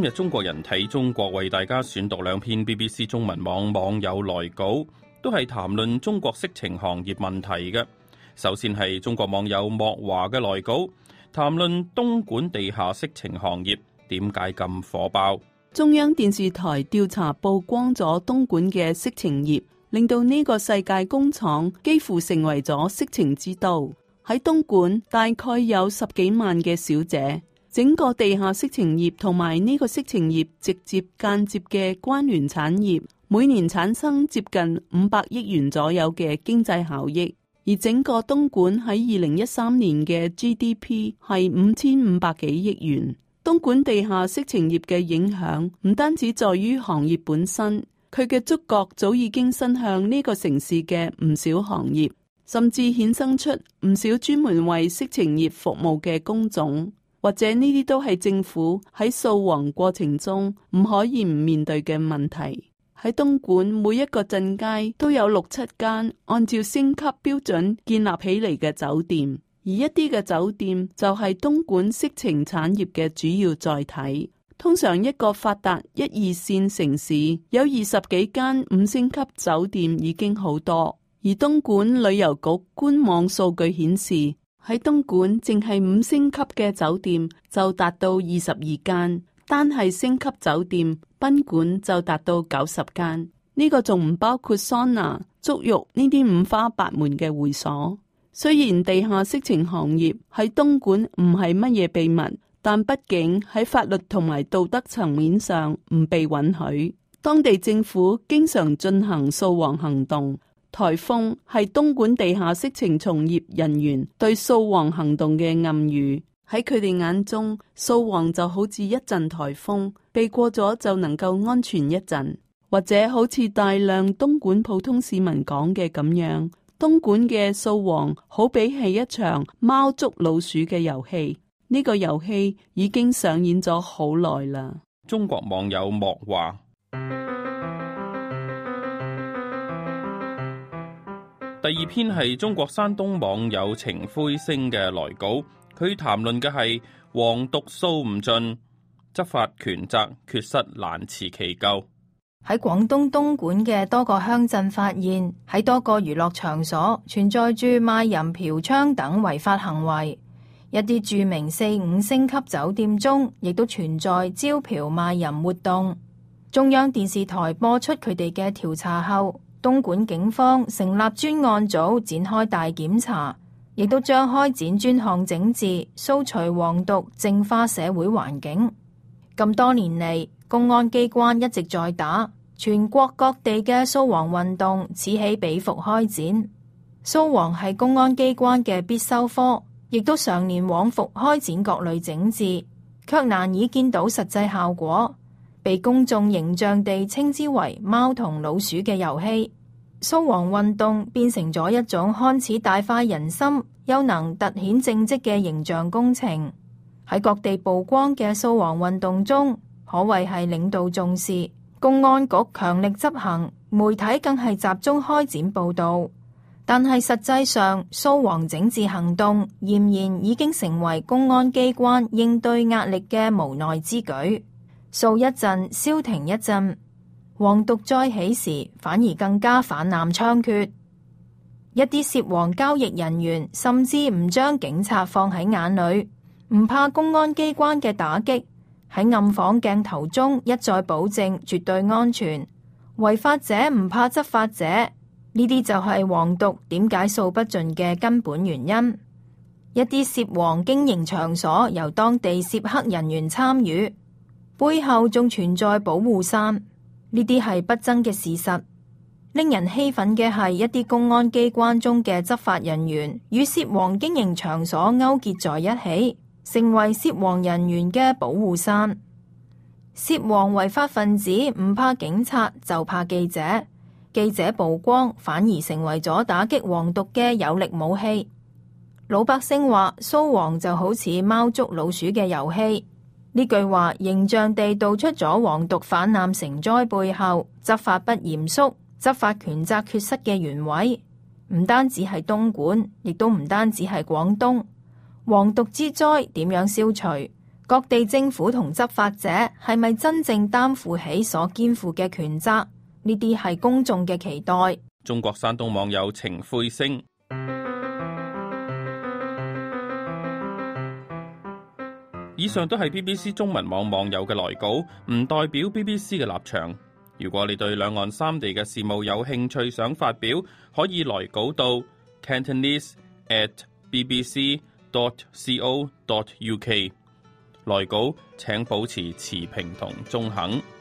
今日中國人睇中國，為大家選讀兩篇 BBC 中文網網友來稿，都係談論中國色情行業問題嘅。首先係中國網友莫華嘅來稿，談論東莞地下色情行業點解咁火爆。中央電視台調查曝光咗東莞嘅色情業，令到呢個世界工廠幾乎成為咗色情之都。喺東莞，大概有十幾萬嘅小姐。整個地下色情業同埋呢個色情業直接間接嘅關聯產業、業，每年產生接近五百億元左右嘅經濟效益。而整個東莞喺二零一三年嘅 GDP 係五千五百幾億元。東莞地下色情業嘅影響唔單止在於行業本身，佢嘅觸角早已經伸向呢個城市嘅唔少行業，甚至衍生出唔少專門為色情業服務嘅工種。或者呢啲都係政府喺掃黃過程中唔可以唔面對嘅問題。喺東莞，每一個鎮街都有六七間按照星級標準建立起嚟嘅酒店，而一啲嘅酒店就係東莞色情產業嘅主要載體。通常一個發達一二線城市有二十幾間五星級酒店已經好多，而東莞旅遊局官網數據顯示。喺東莞，淨係五星級嘅酒店就達到二十二間，單係星級酒店賓館就達到九十間。呢個仲唔包括桑拿、足浴呢啲五花八門嘅會所。雖然地下色情行業喺東莞唔係乜嘢秘密，但畢竟喺法律同埋道德層面上唔被允許。當地政府經常進行掃黃行動。台風係東莞地下色情從業人員對掃黃行動嘅暗語。喺佢哋眼中，掃黃就好似一陣台風，避過咗就能夠安全一陣，或者好似大量東莞普通市民講嘅咁樣，東莞嘅掃黃好比係一場貓捉老鼠嘅遊戲，呢個遊戲已經上演咗好耐啦。中國網友莫話。第二篇係中國山東網友程灰星嘅來稿，佢談論嘅係黃毒掃唔盡，執法權責缺失難辭其咎。喺廣東東莞嘅多個鄉鎮發現，喺多個娛樂場所存在住賣淫嫖娼等違法行為，一啲著名四五星級酒店中，亦都存在招嫖賣淫活動。中央電視台播出佢哋嘅調查後。東莞警方成立專案組展開大檢查，亦都將開展專項整治，掃除黃毒，淨化社會環境。咁多年嚟，公安機關一直在打全國各地嘅掃黃運動，此起彼伏開展。掃黃係公安機關嘅必修科，亦都常年往復開展各類整治，卻難以見到實際效果。被公眾形象地稱之為貓同老鼠嘅遊戲，掃黃運動變成咗一種看似大快人心，又能凸顯政績嘅形象工程。喺各地曝光嘅掃黃運動中，可謂係領導重視，公安局強力執行，媒體更係集中開展報道。但係實際上，掃黃整治行動儼然已經成為公安機關應對壓力嘅無奈之舉。掃一陣，消停一陣；黃毒再起時，反而更加泛濫猖獗。一啲涉黃交易人員甚至唔將警察放喺眼裏，唔怕公安機關嘅打擊，喺暗訪鏡頭中一再保證絕對安全。違法者唔怕執法者，呢啲就係黃毒點解掃不盡嘅根本原因。一啲涉黃經營場所由當地涉黑人員參與。背後仲存在保護傘，呢啲係不爭嘅事實。令人氣憤嘅係一啲公安機關中嘅執法人員與涉黃經營場所勾結在一起，成為涉黃人員嘅保護傘。涉黃違法分子唔怕警察，就怕記者。記者曝光反而成為咗打擊黃毒嘅有力武器。老百姓話，掃黃就好似貓捉老鼠嘅遊戲。呢句話形象地道出咗黃毒泛濫成災背後執法不嚴肅、執法權責缺失嘅原委。唔單止係東莞，亦都唔單止係廣東。黃毒之災點樣消除？各地政府同執法者係咪真正擔負起所肩負嘅權責？呢啲係公眾嘅期待。中國山東網友程輝星。以上都係 BBC 中文網網友嘅來稿，唔代表 BBC 嘅立場。如果你對兩岸三地嘅事務有興趣，想發表，可以來稿到 Cantonese at bbc dot co dot uk。來稿請保持持平同中肯。